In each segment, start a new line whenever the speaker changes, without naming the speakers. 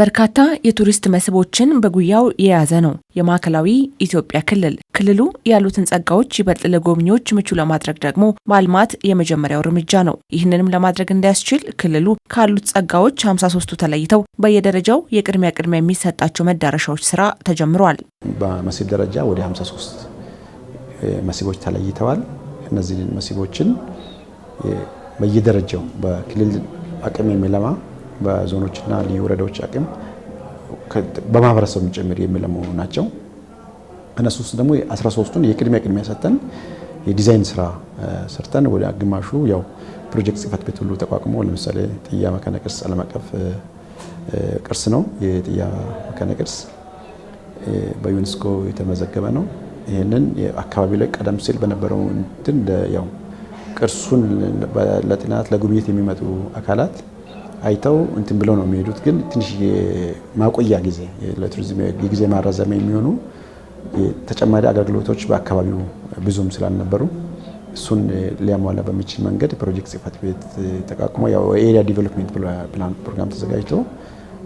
በርካታ የቱሪስት መስህቦችን በጉያው የያዘ ነው የማዕከላዊ ኢትዮጵያ ክልል። ክልሉ ያሉትን ጸጋዎች ይበልጥ ለጎብኚዎች ምቹ ለማድረግ ደግሞ ማልማት የመጀመሪያው እርምጃ ነው። ይህንንም ለማድረግ እንዳያስችል ክልሉ ካሉት ጸጋዎች 53ቱ ተለይተው በየደረጃው የቅድሚያ ቅድሚያ የሚሰጣቸው መዳረሻዎች ስራ ተጀምሯል።
በመስህብ ደረጃ ወደ 53 መስህቦች ተለይተዋል። እነዚህን መስህቦችን በየደረጃው በክልል አቅም የሚለማ በዞኖችና ልዩ ወረዳዎች አቅም በማህበረሰቡ ጭምር የሚለመኑ ናቸው። እነሱ ውስጥ ደግሞ 13ቱን የቅድሚያ ቅድሚያ ሰተን የዲዛይን ስራ ሰርተን ወደ ግማሹ ያው ፕሮጀክት ጽህፈት ቤት ሁሉ ተቋቁሞ ለምሳሌ ጥያ መካነ ቅርስ ዓለም አቀፍ ቅርስ ነው። የጥያ መካነ ቅርስ በዩኔስኮ የተመዘገበ ነው። ይህንን አካባቢ ላይ ቀደም ሲል በነበረው እንትን ያው ቅርሱን ለጥናት ለጉብኝት የሚመጡ አካላት አይተው እንትን ብለው ነው የሚሄዱት። ግን ትንሽ ማቆያ ጊዜ ለቱሪዝም የጊዜ ማራዘም የሚሆኑ ተጨማሪ አገልግሎቶች በአካባቢው ብዙም ስላልነበሩ እሱን ሊያሟላ በሚችል መንገድ ፕሮጀክት ጽሕፈት ቤት ተቋቁሞ የኤሪያ ዲቨሎፕመንት ፕላን ፕሮግራም ተዘጋጅቶ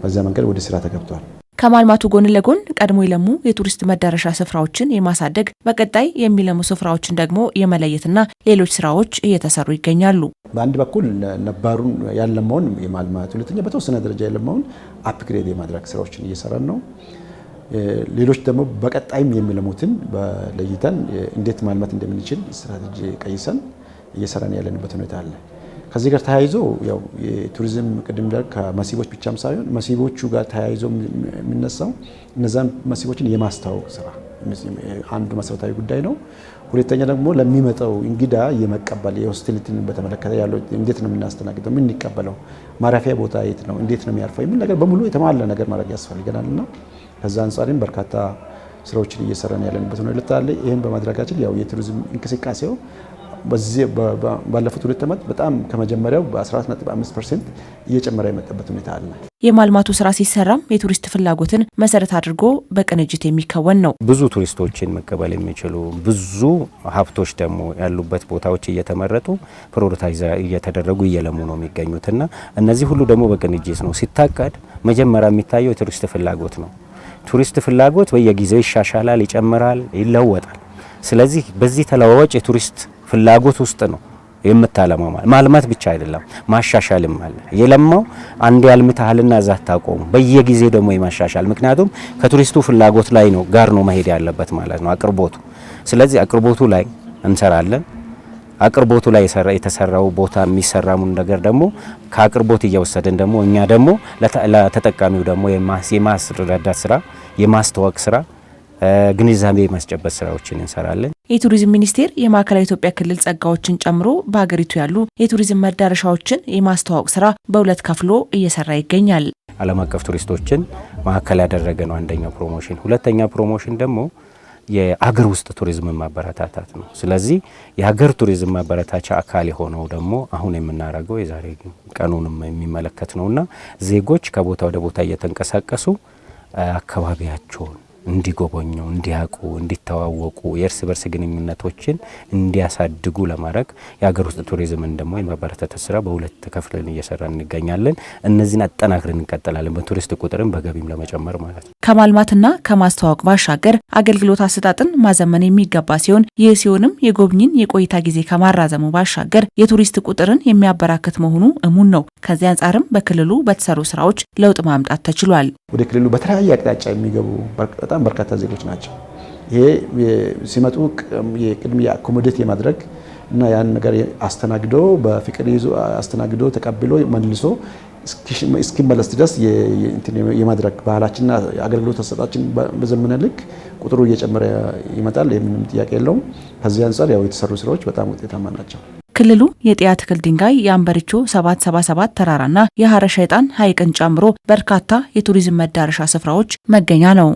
በዛ መንገድ ወደ ስራ ተገብቷል።
ከማልማቱ ጎን ለጎን ቀድሞ የለሙ የቱሪስት መዳረሻ ስፍራዎችን የማሳደግ በቀጣይ የሚለሙ ስፍራዎችን ደግሞ የመለየትና ሌሎች ስራዎች እየተሰሩ ይገኛሉ።
በአንድ በኩል ነባሩን ያለማውን የማልማት ሁለተኛ በተወሰነ ደረጃ ያለመውን አፕግሬድ የማድረግ ስራዎችን እየሰራን ነው። ሌሎች ደግሞ በቀጣይም የሚለሙትን ለይተን እንዴት ማልማት እንደምንችል ስትራቴጂ ቀይሰን እየሰራን ያለንበት ሁኔታ አለ። ከዚህ ጋር ተያይዞ ያው የቱሪዝም ቅድም ደር ከመሲቦች ብቻም ሳይሆን መሲቦቹ ጋር ተያይዞ የሚነሳው እነዛን መሲቦችን የማስተዋወቅ ስራ አንዱ መሰረታዊ ጉዳይ ነው። ሁለተኛ ደግሞ ለሚመጣው እንግዳ የመቀበል የሆስቲሊቲን በተመለከተ ያለው እንዴት ነው የምናስተናግደው፣ ምን እንቀበለው፣ ማረፊያ ቦታ የት ነው፣ እንዴት ነው የሚያርፈው የሚል ነገር በሙሉ የተሟላ ነገር ማድረግ ያስፈልገናል እና ከዛ አንጻርም በርካታ ስራዎችን እየሰራን ያለንበት ሁኔታ አለ። ይህን በማድረጋችን ያው የቱሪዝም እንቅስቃሴው በዚህ ባለፉት ሁለት ዓመት በጣም ከመጀመሪያው በ 15 ፐርሰንት እየጨመረ የመጣበት ሁኔታ አለ።
የማልማቱ ስራ ሲሰራም የቱሪስት ፍላጎትን መሰረት አድርጎ በቅንጅት የሚከወን ነው።
ብዙ ቱሪስቶችን መቀበል የሚችሉ ብዙ ሀብቶች ደግሞ ያሉበት ቦታዎች እየተመረጡ ፕሮሪታይዝ እየተደረጉ እየለሙ ነው የሚገኙትና እነዚህ ሁሉ ደግሞ በቅንጅት ነው ሲታቀድ። መጀመሪያ የሚታየው የቱሪስት ፍላጎት ነው። ቱሪስት ፍላጎት በየጊዜው ይሻሻላል፣ ይጨምራል፣ ይለወጣል። ስለዚህ በዚህ ተለዋዋጭ የቱሪስት ፍላጎት ውስጥ ነው የምታለማው ማልማት ብቻ አይደለም፣ ማሻሻልም አለ። የለማው አንድ ያልምታህልና እዛ ታቆሙ በየጊዜ ደግሞ የማሻሻል ምክንያቱም ከቱሪስቱ ፍላጎት ላይ ነው ጋር ነው መሄድ ያለበት ማለት ነው አቅርቦቱ። ስለዚህ አቅርቦቱ ላይ እንሰራለን። አቅርቦቱ ላይ የተሰራው ቦታ የሚሰራሙ ነገር ደግሞ ከአቅርቦት እየወሰድን ደግሞ እኛ ደግሞ ለተጠቃሚው ደግሞ የማስረዳት ስራ የማስተዋወቅ ስራ ግንዛቤ ማስጨበጥ ስራዎችን እንሰራለን።
የቱሪዝም ሚኒስቴር የማዕከላዊ ኢትዮጵያ ክልል ጸጋዎችን ጨምሮ በሀገሪቱ ያሉ የቱሪዝም መዳረሻዎችን የማስተዋወቅ ስራ በሁለት ከፍሎ እየሰራ ይገኛል።
ዓለም አቀፍ ቱሪስቶችን ማዕከል ያደረገ ነው አንደኛው ፕሮሞሽን። ሁለተኛ ፕሮሞሽን ደግሞ የአገር ውስጥ ቱሪዝምን ማበረታታት ነው። ስለዚህ የሀገር ቱሪዝም ማበረታቻ አካል የሆነው ደግሞ አሁን የምናደርገው የዛሬ ቀኑንም የሚመለከት ነውና ዜጎች ከቦታ ወደ ቦታ እየተንቀሳቀሱ አካባቢያቸውን እንዲጎበኙ፣ እንዲያውቁ፣ እንዲተዋወቁ የእርስ በርስ ግንኙነቶችን እንዲያሳድጉ ለማድረግ የሀገር ውስጥ ቱሪዝምን ደግሞ የማበረታታት ስራ በሁለት ከፍለን እየሰራ እንገኛለን። እነዚህን አጠናክረን እንቀጥላለን። በቱሪስት ቁጥርም በገቢም ለመጨመር ማለት ነው።
ከማልማትና ከማስተዋወቅ ባሻገር አገልግሎት አሰጣጥን ማዘመን የሚገባ ሲሆን ይህ ሲሆንም የጎብኚን የቆይታ ጊዜ ከማራዘሙ ባሻገር የቱሪስት ቁጥርን የሚያበራክት መሆኑ እሙን ነው። ከዚህ አንጻርም በክልሉ በተሰሩ ስራዎች ለውጥ ማምጣት ተችሏል።
ወደ ክልሉ በተለያየ አቅጣጫ የሚገቡ በጣም በርካታ ዜጎች ናቸው። ይሄ ሲመጡ የቅድሚያ አኮሞዴት የማድረግ እና ያን ነገር አስተናግዶ በፍቅር ይዞ አስተናግዶ ተቀብሎ መልሶ እስኪመለስ ድረስ የማድረግ ባህላችንና አገልግሎት አሰጣችን በዘመነ ልክ ቁጥሩ እየጨመረ ይመጣል። የምንም ጥያቄ የለውም። ከዚህ አንጻር ያው የተሰሩ ስራዎች በጣም ውጤታማ ናቸው።
ክልሉ የጤያ ትክል ድንጋይ የአንበሪቾ 777 ተራራና የሐረ ሸይጣን ሐይቅን ጨምሮ በርካታ የቱሪዝም መዳረሻ ስፍራዎች መገኛ ነው።